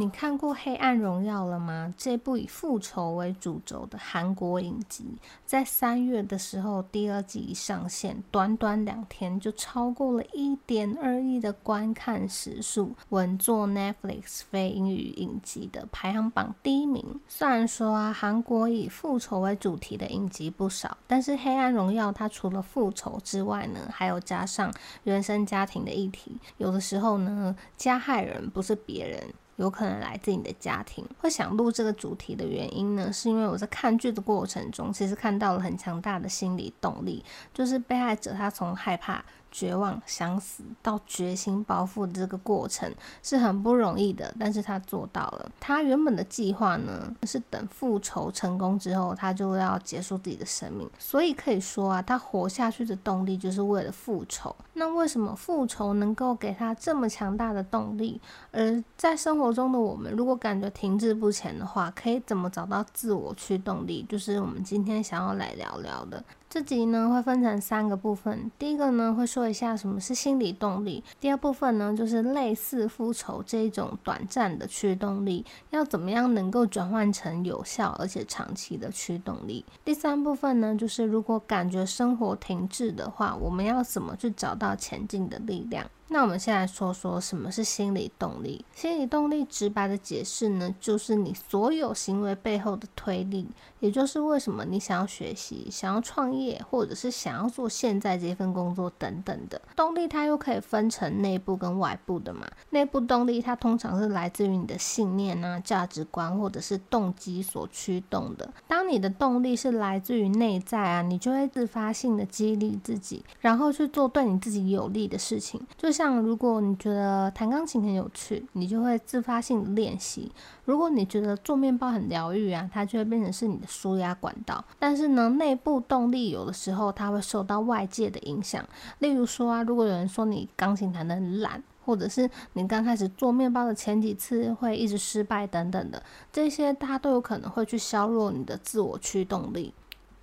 你看過《黑暗榮耀》了嗎？這部以復仇為主軸的韓國影集，在三月的時候第二季一上線，短短兩天就超過了一點二億的觀看時數，穩坐 Netflix 非英語影集的排行榜第一名。雖然說啊，韓國以復仇為主題的影集不少，但是《黑暗榮耀》它除了復仇之外呢，還有加上原生家庭的議題。有的時候呢，加害人不是別人。有可能來自你的家庭。會想錄這個主題的原因呢，是因為我在看劇的過程中，其實看到了很強大的心理動力，就是被害者他從害怕、絕望、想死到決心報復的這個過程是很不容易的，但是他做到了。他原本的計劃呢，是等復仇成功之後，他就要結束自己的生命。所以可以說啊，他活下去的動力就是為了復仇。那為什麼復仇能夠給他這麼強大的動力？而在生活中的我們，如果感覺停滯不前的話，可以怎麼找到自我驅動力？就是我們今天想要來聊聊的。這集呢，會分成三個部分，第一個呢會說一下什麼是心理動力，第二部分呢就是類似復仇這一種短暫的驅動力，要怎麼樣能夠轉換成有效而且長期的驅動力，第三部分呢就是如果感覺生活停滯的話，我們要怎麼去找到前進的力量。那我們先來說說什麼是心理動力。心理動力直白的解釋呢，就是你所有行為背後的推力，也就是為什麼你想要學習、想要創業，或者是想要做現在這份工作等等的動力。它又可以分成內部跟外部的嘛。內部動力它通常是來自於你的信念啊、價值觀或者是動機所驅動的。當你的動力是來自於內在啊，你就會自發性的激勵自己，然後去做對你自己有利的事情，就，像如果你覺得彈鋼琴很有趣，你就會自發性的練習；如果你覺得做麵包很療癒啊，它就會變成是你的舒壓管道。但是呢，內部動力有的時候它會受到外界的影響，例如說啊，如果有人說你鋼琴彈得很爛，或者是你剛開始做麵包的前幾次會一直失敗等等的，這些它都有可能會去削弱你的自我驅動力。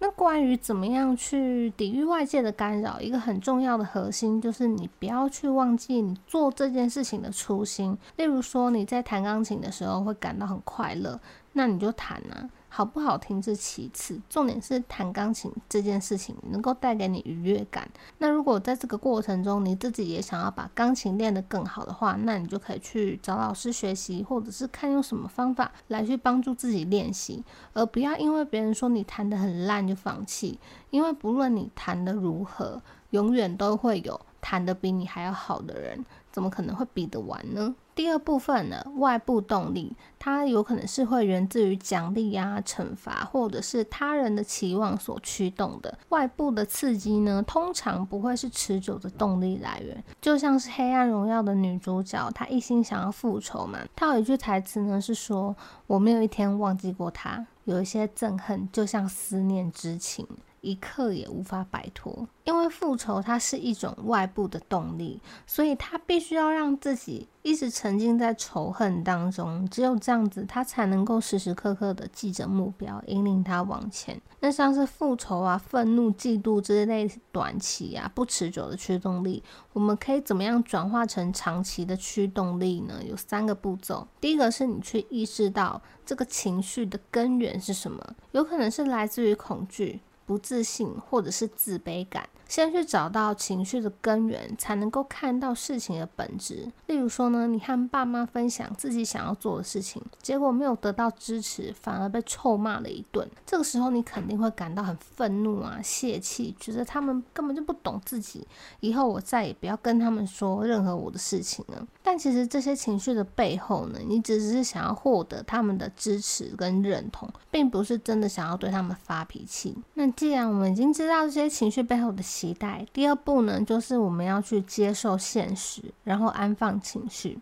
那關於怎麼樣去抵禦外界的干擾，一個很重要的核心就是你不要去忘記你做這件事情的初心。例如說，你在彈鋼琴的時候會感到很快樂，那你就彈啊。好不好聽是其次，重點是彈鋼琴這件事情能夠帶給你愉悅感。那如果在這個過程中你自己也想要把鋼琴練得更好的話，那你就可以去找老師學習，或者是看用什麼方法來去幫助自己練習，而不要因為別人說你彈得很爛就放棄。因為不論你彈得如何，永遠都會有彈得比你還要好的人，怎麼可能會比得完呢？第二部分呢，外部動力它有可能是會源自於獎勵啊、懲罰，或者是他人的期望所驅動的。外部的刺激呢，通常不會是持久的動力來源。就像是《黑暗榮耀》的女主角，她一心想要復仇嘛，她有一句台詞呢，是說：“我沒有一天忘記過她，有一些憎恨，就像思念之情。”一刻也無法擺脫，因為復仇它是一種外部的動力，所以他必須要讓自己一直沉浸在仇恨當中。只有這樣子，他才能夠時時刻刻的記着目標，引領他往前。那像是復仇啊、憤怒、嫉妒之類的短期啊、不持久的驅動力，我們可以怎麼樣轉化成長期的驅動力呢？有三個步驟。第一個是你去意識到這個情緒的根源是什麼，有可能是來自於恐懼。不自信，或者是自卑感。先去找到情緒的根源，才能夠看到事情的本質。例如說呢，你和爸媽分享自己想要做的事情，結果沒有得到支持，反而被臭罵了一頓。這個時候你肯定會感到很憤怒啊，泄氣，覺得他們根本就不懂自己。以後我再也不要跟他們說任何我的事情了。但其實這些情緒的背後呢，你只是想要獲得他們的支持跟認同，並不是真的想要對他們發脾氣。那既然我們已經知道這些情緒背後的，期待，第二步呢，就是我們要去接受現實，然後安放情緒，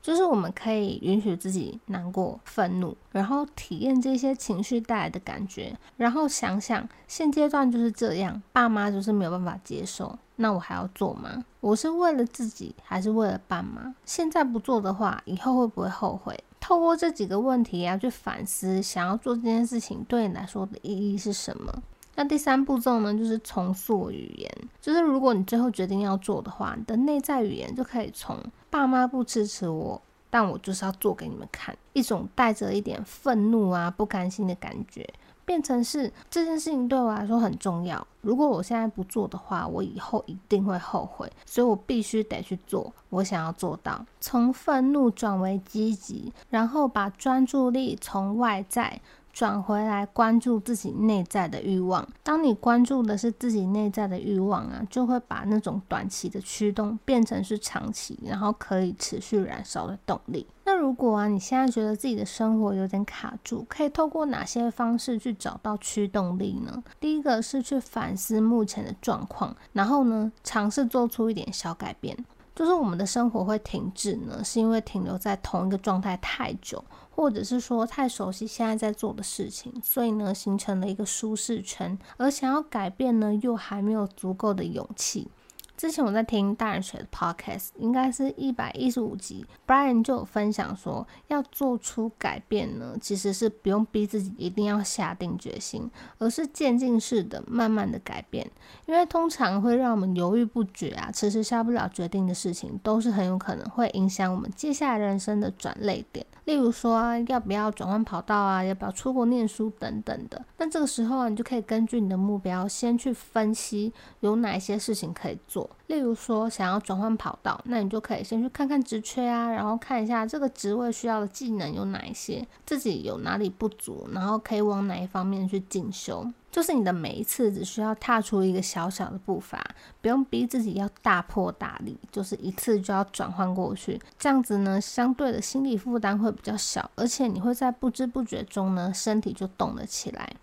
就是我們可以允許自己難過、憤怒，然後體驗這些情緒帶來的感覺，然後想想現階段就是這樣，爸媽就是沒有辦法接受，那我還要做嗎？我是為了自己，還是為了爸媽？現在不做的話，以後會不會後悔？透過這幾個問題啊，去反思想要做這件事情對你來說的意義是什麼。那第三步驟呢，就是重塑語言。就是如果你最後決定要做的話，你的內在語言就可以從“爸媽不支持我，但我就是要做給你們看”，一種帶着一點憤怒啊、不甘心的感覺，變成是這件事情對我來說很重要。如果我現在不做的話，我以後一定會後悔，所以我必須得去做。我想要做到從憤怒轉為積極，然後把專注力從外在。轉回來關注自己內在的欲望。當你關注的是自己內在的欲望啊，就會把那種短期的驅動變成是長期，然後可以持續燃燒的動力。那如果啊，你現在覺得自己的生活有點卡住，可以透過哪些方式去找到驅動力呢？第一個是去反思目前的狀況，然後呢，嘗試做出一點小改變。就是我們的生活會停滯呢，是因為停留在同一個狀態太久，或者是說太熟悉現在在做的事情，所以呢，形成了一個舒適圈，而想要改變呢，又還沒有足夠的勇氣。之前我在聽大人學的 Podcast，應該是一百一十五集，Brian 就有分享說，要做出改變呢，其實是不用逼自己一定要下定決心，而是漸進式的慢慢的改變，因為通常會讓我們猶豫不決啊，遲遲下不了決定的事情，都是很有可能會影響我們接下來人生的轉捩點，例如說啊，要不要轉換跑道啊，要不要出國念書等等的。那這個時候啊，你就可以根據你的目標，先去分析有哪些事情可以做。例如說，想要轉換跑道，那你就可以先去看看職缺啊，然後看一下這個職位需要的技能有哪一些，自己有哪裡不足，然後可以往哪一方面去進修。就是你的每一次只需要踏出一個小小的步伐，不用逼自己要大破大立，就是一次就要轉換過去。這樣子呢，相對的心理負擔會比較小，而且你會在不知不覺中呢，身體就動了起來。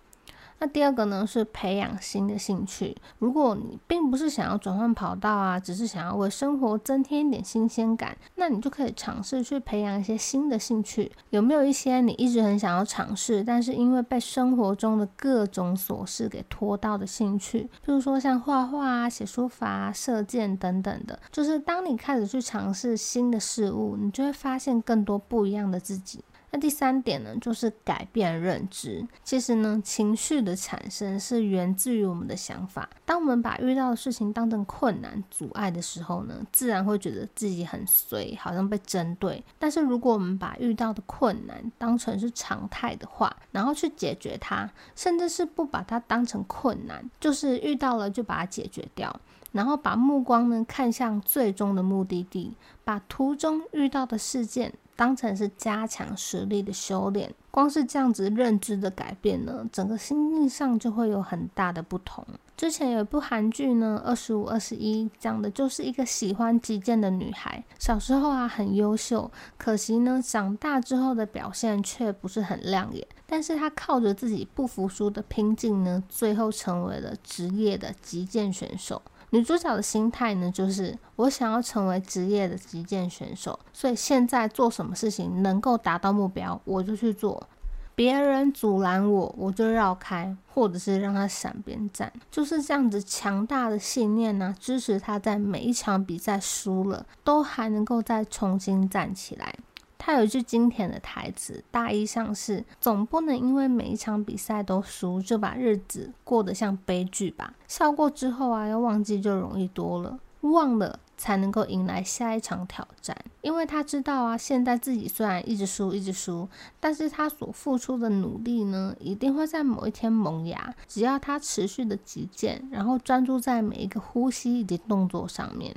那第二個呢，是培養新的興趣。如果你並不是想要轉換跑道啊，只是想要為生活增添一點新鮮感，那你就可以嘗試去培養一些新的興趣。有沒有一些你一直很想要嘗試，但是因為被生活中的各種瑣事給拖到的興趣？比如說像畫畫啊、寫書法啊、射箭等等的。就是當你開始去嘗試新的事物，你就會發現更多不一樣的自己。那第三點呢，就是改變認知。其實呢，情緒的產生是源自於我們的想法。當我們把遇到的事情當成困難、阻礙的時候呢，自然會覺得自己很衰，好像被針對。但是如果我們把遇到的困難當成是常態的話，然後去解決它，甚至是不把它當成困難，就是遇到了就把它解決掉，然後把目光呢看向最終的目的地，把途中遇到的事件。當成是加強實力的修煉，光是這樣子認知的改變呢，整個心境上就會有很大的不同。之前有一部韓劇呢，《二十五二十一》，講的就是一個喜歡擊劍的女孩，小時候啊很優秀，可惜呢長大之後的表現卻不是很亮眼。但是她靠着自己不服輸的拼勁呢，最後成為了職業的擊劍選手。女主角的心態呢，就是我想要成為職業的擊劍選手，所以現在做什麼事情能夠達到目標，我就去做。別人阻攔我，我就繞開，或者是讓他閃邊站，就是這樣子強大的信念呢、啊，支持她在每一場比賽輸了，都還能夠再重新站起來。他有一句經典的台詞：“大意上是總不能因為每一場比賽都輸，就把日子過得像悲劇吧？笑過之後啊，要忘記就容易多了，忘了才能夠迎來下一場挑戰。因為他知道啊，現在自己雖然一直輸，一直輸，但是他所付出的努力呢，一定會在某一天萌芽。只要他持續的擊劍，然後專注在每一個呼吸以及動作上面。”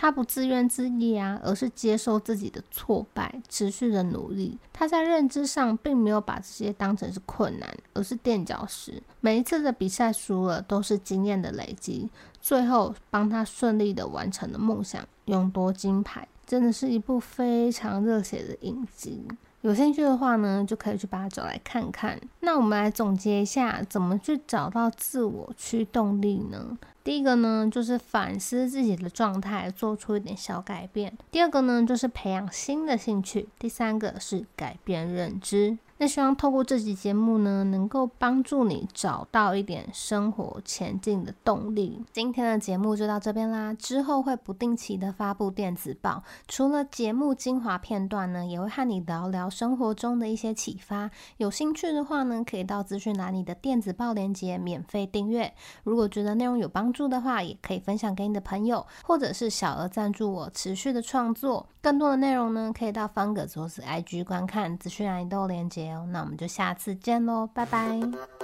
他不自怨自艾啊，而是接受自己的挫敗，持續的努力。他在認知上並沒有把這些當成是困難，而是墊腳石。每一次的比賽輸了，都是經驗的累積，最後幫他順利的完成了夢想，勇奪金牌。真的是一部非常熱血的影集。有興趣的話呢，就可以去把它找來看看。那我們來總結一下，怎麼去找到自我驅動力呢？第一個呢，就是反思自己的狀態，做出一點小改變；第二個呢，就是培養新的興趣；第三個是改變認知。那希望透過這集節目呢，能夠幫助你找到一點生活前進的動力。今天的節目就到這邊啦，之後會不定期的發布電子報，除了節目精華片段呢，也會和你聊聊生活中的一些啟發。有興趣的話呢，可以到資訊欄裡的電子報鏈接免費訂閱。如果覺得內容有幫助的話，也可以分享給你的朋友，或者是小額贊助我持續的創作。更多的內容呢，可以到方格桌子 IG 觀看資訊欄裡都鏈接。那我們就下次見嘍，拜拜。